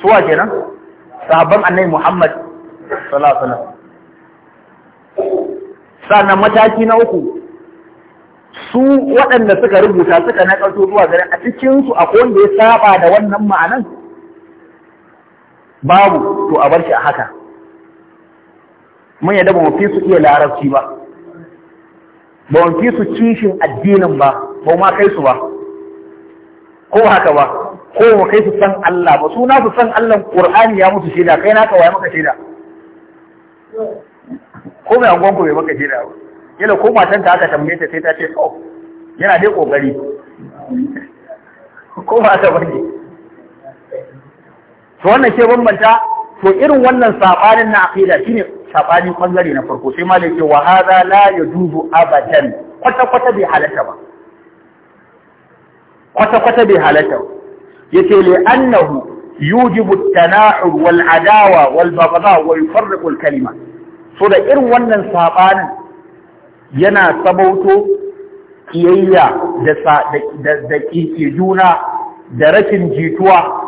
suwa kenan sahabban annai Muhammad sallallahu alaihi wasallam sannan mataki na uku su waɗanda suka rubuta suka na ƙarfi zuwa gare a cikinsu a wanda ya saba da wannan ma'anan babu to a bar shi a haka mun yadda ba fi su iya larabci ba ba mu fi su cishin addinin ba ba ma kai su ba ko haka ba ko mu kai su san Allah ba su na su san Allah Qur'ani ya musu shaida kai naka waye maka shaida ko mai angon ku bai maka shaida ba Yana ko matan ta aka tambaye ta sai ta ce to oh, yana dai kokari ko ba ta bane to wannan ke bambanta to irin wannan sabanin na aqida shine sabani bangare na farko sai malai ce wa hadha la yajuzu abadan kwata kwata bai halatta ba kwata kwata bai halatta yace li annahu yujibu at-tana'ur wal adawa wal baghdha wa yufarriqu al-kalima so da irin wannan sabanin yana sabauto kiyayya da ƙiƙi juna da rashin jituwa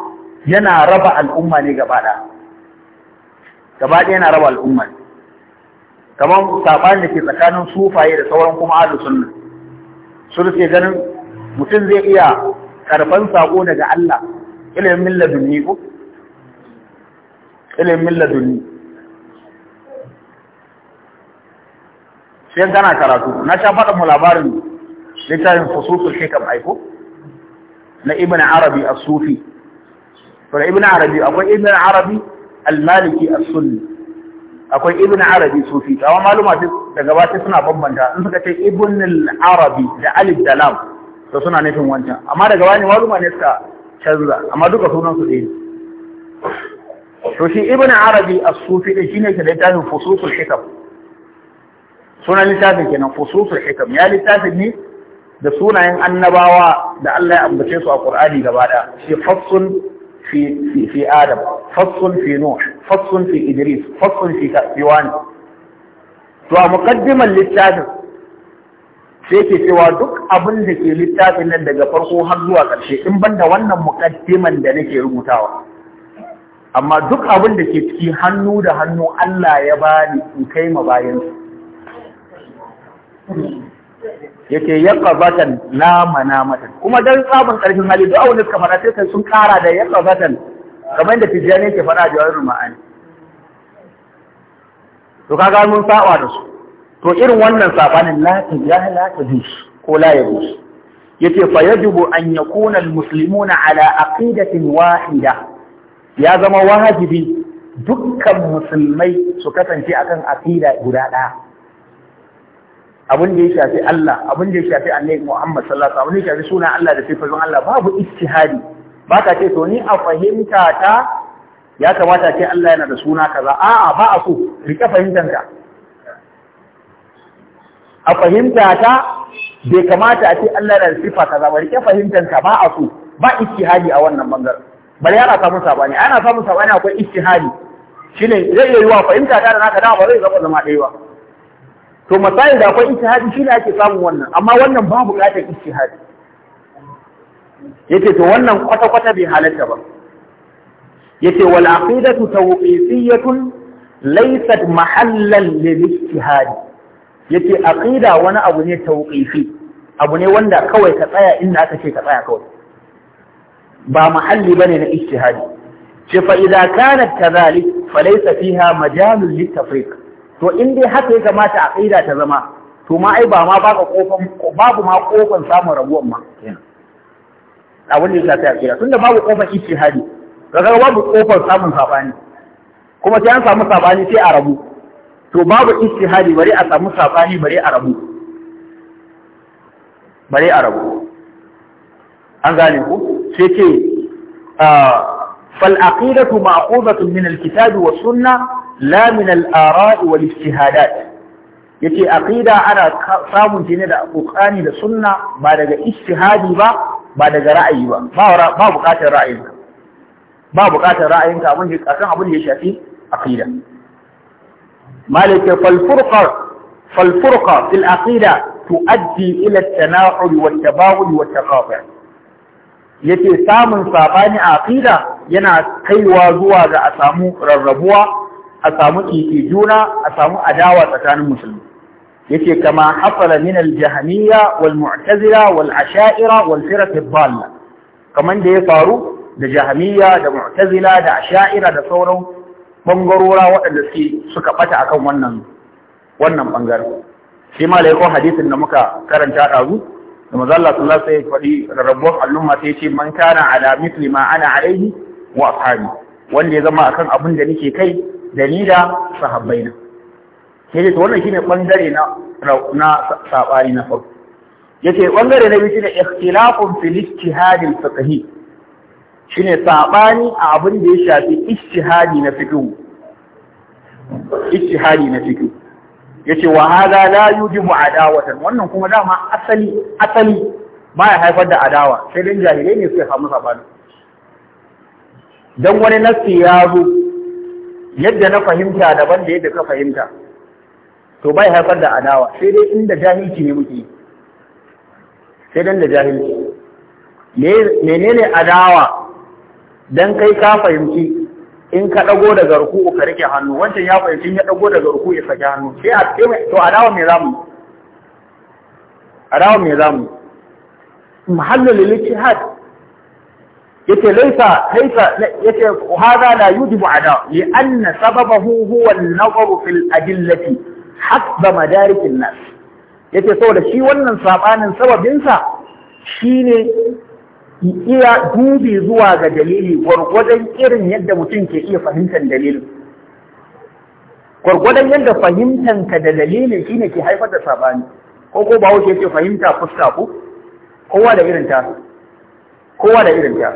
yana raba al'umma ne gaba ɗaya. yana raba al'umma ne. Kamar saɓani da ke tsakanin sufaye da sauran kuma ahlu sunna. Sun ce ganin mutum zai iya karfan saƙo daga Allah ilimin ladunni ko? Ilimin ladunni. sai gana karatu na sha faɗa mu labarin littafin fususul hikam aiko na ibn arabi as-sufi to da ibn arabi akwai ibn arabi al-maliki as-sunni akwai ibn arabi sufi to amma maluma daga bata suna bambanta in suka ce ibn arabi da alif da lam to suna nufin wancan amma daga bani maluma ne suka canza amma duka sunan su ɗaya to shi ibn arabi as-sufi din shine ke da littafin fususul hikam sunan littafin kenan fususul hikam ya littafin ne da sunayen annabawa da Allah ya ambace su a Qur'ani gaba da shi fassun fi fi fi Adam fassun fi Nuh fassun fi Idris fassun fi to a muqaddimar littafin sai ke cewa duk abin da ke littafin nan daga farko har zuwa ƙarshe in banda wannan muqaddiman da nake rubutawa amma duk abin da ke ciki hannu da hannu Allah ya bani in kai ma bayansu yace na mana manamatan kuma don sabon karfin hali duk awon suka fara cikin sun kara da yaqabatan kamar da tijani yake fara jawabin ma'ani to kaga mun sa'wa da su to irin wannan sabanin ya ilaha la tadish ko la yadush yace fa yajibu an musulmi na ala aqidatin wahida ya zama wajibi dukkan musulmai su kasance akan aqida guda ɗaya abin da ya shafi Allah abin da ya shafi annabi Muhammad sallallahu alaihi wasallam ne da ya shafi sunan Allah da sifofin Allah babu ijtihadi ba ka ce to ni a fahimta ta ya kamata ce Allah yana da suna kaza a'a ba a so rike fahimtanka a fahimta ta bai kamata a ce Allah yana da sifa kaza ba rike fahimtanka ba a so ba ijtihadi a wannan bangaren bari yana samun sabani ana samun sabani akwai ijtihadi shine zai iya wa fahimta ta da naka da ba zai zama zama ɗaya ba to masayin da akwai ijtihadi shine ake samun wannan amma wannan babu buƙatar ijtihadi yace to wannan kwata kwata bai halatta ba yace wal aqidatu tawqifiyatun laysat mahallan lil ijtihad yace aqida wani abu ne tawqifi abu ne wanda kawai ka tsaya inda aka ce ka tsaya kawai ba mahalli bane na ijtihadi ce fa idza kanat kadhalik falaysa fiha majalun litafriq to in dai haka ya kamata a ƙaida ta zama to ma ai ba ma ka kofan babu ma kofan samun rabuwan ma a wani ya a ƙira, tunda babu kofan ijtihadi daga babu kofan samun sabani kuma sai an samu sabani sai a rabu to babu ijtihadi bare a samu sabani bare a rabu bare a rabu an gane ku sai ce ah, fal aqidatu ma'qudatun min alkitabi kitabi was sunnah la min al-ara'i wal ijtihadat yace aqida ana samun shi ne da alqur'ani da sunna ba daga ijtihadi ba ba daga ra'ayi ba ba buƙatar ra'ayinka ba buƙatar ra'ayinka abin da akan abin da ya shafi aqida malik fal furqa fal furqa fil aqida tuaddi ila at-tana'ul wa at-tabawul wa at-taqafi yace samun sabani a aqida yana kaiwa zuwa ga a samu rarrabuwa a samu kiki juna a samu adawa tsakanin musulmi yace kama hasala min al-jahmiyya wal mu'tazila wal asha'ira wal firaq ad kaman da ya faru da jahmiyya da mu'tazila da asha'ira da sauran bangarora waɗanda suka bata akan wannan wannan bangaren shi ma laikon hadisin da muka karanta dazu. da maza Allah sallallahu alaihi faɗi rarrabuwar al'umma ya ce man kana ala mithli ma ana alaihi wa ashabi wanda ya zama akan abin da nake kai da ni da sahabbai na ke ce wannan shine bangare na na sabari na farko yace bangare na biyu shine ikhtilafun fil ijtihad al fiqhi shine sabani a abin da ya shafi ijtihadi na fiqhu ijtihadi na fiqhu yace wa hada la yujibu adawatan wannan kuma dama asali asali ya haifar da adawa sai dan jahilai ne suke samu sabani dan wani nasi ya zo yadda na fahimta daban da yadda ka fahimta to bai haifar da adawa sai dai inda jahilci ne muke sai dan da jahilci menene adawa dan kai ka fahimci in ka dago daga ruku ka rike hannu wancan ya fahimci ya dago daga ruku ya saki hannu sai a to adawa me zamu adawa me zamu mahallul ijtihad yace laisa laisa yace hada la yujibu ada li anna sababahu huwa an-nazar fil adillati hasba madarik an-nas yace saboda shi wannan sabanin sababin sa shine iya dubi zuwa ga dalili gwargwadon irin yadda mutum ke iya fahimtar dalilin gwargwadon yadda fahimtanka da dalilin shine ke haifar da sabani ko ko bawo ke ce fahimta fuska ku kowa da irin ta kowa da irin ta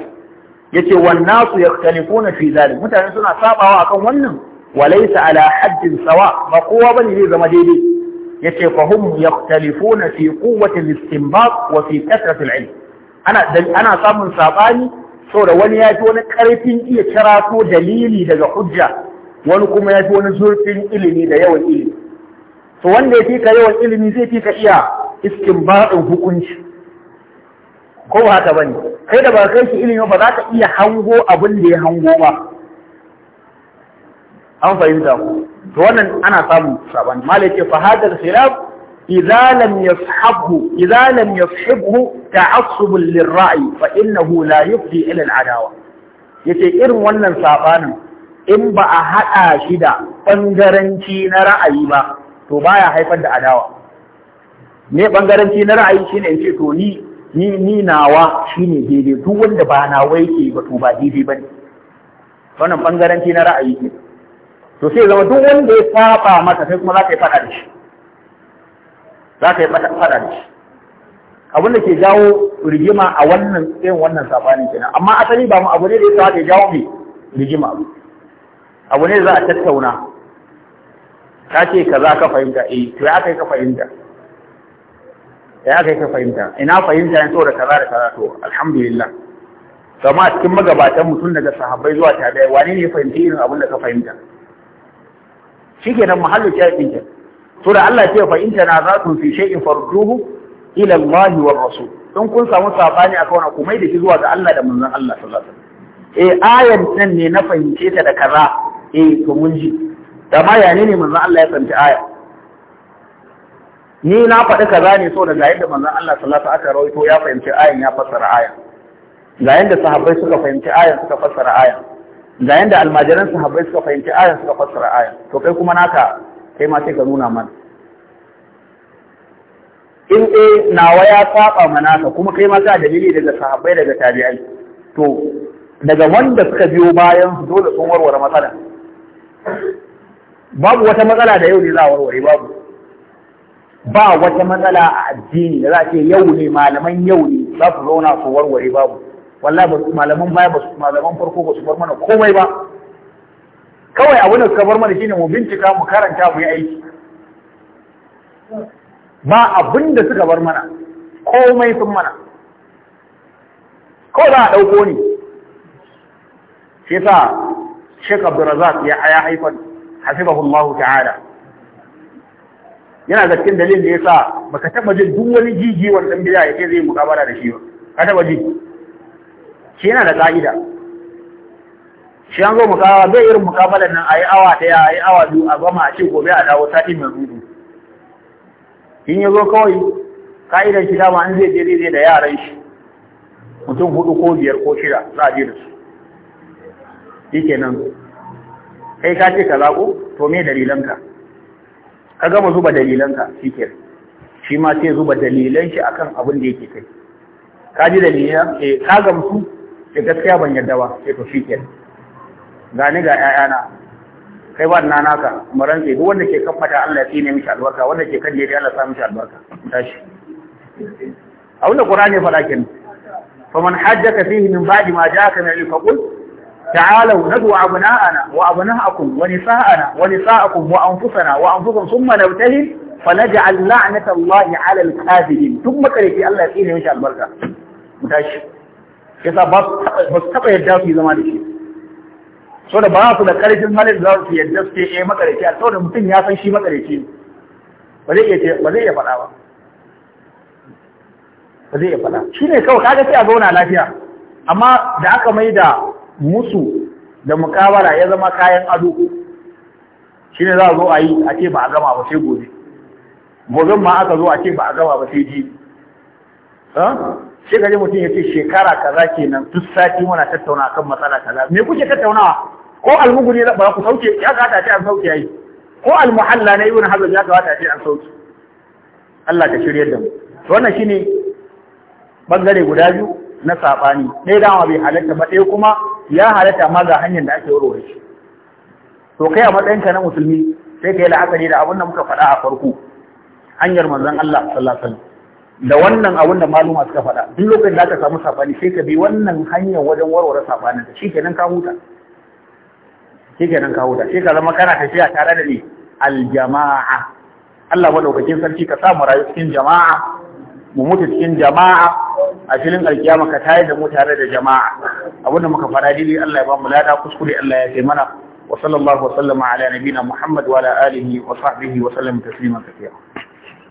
yace wannasu nasu fi zalik mutane suna sabawa akan wannan walaysa ala haddin sawa ba kowa bane zai zama daidai yace fa hum yaktalifuna fi quwwati al-istinbat wa fi kathrati al-ilm ana ana samun sabani saboda wani ya fi wani karfin iya karato dalili daga hujja wani kuma ya fi wani zurfin ilimi da yawan ilimi to wanda ya fi ka yawan ilimi zai fi ka iya istinbatin hukunci ko haka bane kai da ba kai shi ilimi ba za ka iya hango abin da ya hango ba an fahimta ku to wannan ana samun saban malai ce fahadar khilaf idza lam yashabhu idza lam yashabhu ta'assub lirra'i fa innahu la yufdi ila al'adawa yace irin wannan sabanin in ba a hada shi da bangaranci na ra'ayi ba to baya haifar da adawa ne bangaranci na ra'ayi shine in ce to ni ni ni nawa shine daidai duk wanda ba nawa yake ba to ba daidai ne wannan bangaranci na ra'ayi ne to sai zama duk wanda ya saba masa sai kuma za ka yi fada da shi za ka yi fada da shi abin da ke jawo rigima a wannan tsayin wannan sabanin kenan amma asali ba mu abu ne da ya saba ya jawo mai rigima abu ne za a tattauna ka ce kaza ka fahimta eh to ya aka yi ka fahimta ya aka yi ka fahimta ina fahimta ne da kaza da kaza to alhamdulillah kama a cikin magabatan mutum daga sahabbai zuwa tabi'ai wane ne ya fahimci irin abin da ka fahimta shikenan mahallu ta yi to da Allah ce fa in na za ku fi shay'in farduhu ila Allah wa rasul in kun samu sabani akan wannan kuma mai da shi zuwa ga Allah da manzon Allah sallallahu alaihi wasallam eh ayan nan ne na fahimce ta da kaza eh to mun ji da ma ya ne manzon Allah ya fahimci aya ni na faɗi kaza ne so da ga yadda manzon Allah sallallahu alaihi aka rawaito ya fahimci ayan ya fassara ayan ga yadda sahabbai suka fahimci ayan suka fassara ayan ga yadda almajiran sahabbai suka fahimci ayan suka fassara ayan to kai kuma naka kai ma sai ka nuna mana in eh nawa ya saba mana ka kuma kai ma ka dalili daga sahabbai daga tabi'ai to daga wanda suka biyo bayan dole sun warware matsala babu wata matsala da yau ne za a warware babu ba wata matsala a addini da za a ce yau ne malaman yau ne za su zauna su warware babu wallahi malaman baya ba su malaman farko ba su bar mana komai ba kawai abin da suka bar mana shine mu bincika mu karanta mu yi aiki ba abin da suka bar mana komai sun mana kawai za a ɗauko ne shi yasa Sheikh Abdulrazak ya haifar hasibahullahu ta'ala yana da cikin dalilin da yasa baka taba jin duk wani jiji wannan ya yake zai mukabara da shi ba ka taba ji shi yana da ka'ida shi an zo mukabala zai irin mukabalar nan a yi awa ta a yi awa biyu a gama a ce gobe a dawo sati mai rudu in yi zo kawai ka'idan shi dama an zai je zai da yaran shi mutum hudu ko biyar ko shida za a je da su shi kenan kai ka ce ka zaƙo to me dalilanka ka gama zuba dalilanka shi ke shi ma sai zuba dalilan shi akan abin da yake kai ka ji dalilan eh ka gamsu ke eh, gaskiya ban yarda ba sai eh, to shi ke gani ga ƴaƴana kai ba na naka maran sai duk wanda ke kammata Allah ya tsine mishi albarka wanda ke kan dai Allah ya sa mishi albarka tashi a wannan Qur'ani faɗa kenan faman hajjaka fihi min ba'di ma ja'aka min al-faqul تعالوا ندعو أبناءنا وأبناءكم ونساءنا ونساءكم وأنفسنا وأنفسكم ثم نبتهل فنجعل لعنة الله على الكاذبين ثم كريتي الله يسيني إن شاء albarka. متاش yasa ba su taɓa yadda su yi zama da shi so da ba su da ƙarfin halin za su yadda su ce eh makareci a saboda mutum ya san shi makareci ba zai iya ba zai iya faɗa ba ba zai iya faɗa shi kawai kaga sai a zauna lafiya amma da aka mai da musu da mukabara ya zama kayan ado shi ne za a zo a yi a ce ba a gama ba sai gobe gobin ma aka zo a ce ba a gama ba sai jibi sai gaji mutum ya ce shekara kaza kenan duk sati muna tattauna kan matsala kaza me kuke tattaunawa ko almuguri ba ku sauke ya kamata ce an sauke yayi ko almuhalla na ibn hazm ya kamata ce an sauke Allah ka shirye da mu To wannan shine bangare guda biyu na sabani ɗaya dama bai halatta ba ɗaya kuma ya halatta amma ga hanyar da ake warware shi to kai a matsayinka na musulmi sai kai la'akari da abin da muka faɗa a farko hanyar manzon Allah sallallahu alaihi wasallam da wannan abin da maluma suka faɗa duk lokacin da aka samu sabani sai ka bi wannan hanyar wajen warware sabanin ka shikenan ka huta shikenan ka huta sai ka zama kana tafiya tare da ni aljama'a Allah madaukakin sarki ka samu rayu cikin jama'a mu mutu cikin jama'a a filin alkiyama ka tayar da mu tare da jama'a abinda muka fara dili Allah ya ba mu lada kuskure Allah ya sai mana wa sallallahu wa sallama ala nabina Muhammad wa ala alihi wa sahbihi wa sallam taslima kathira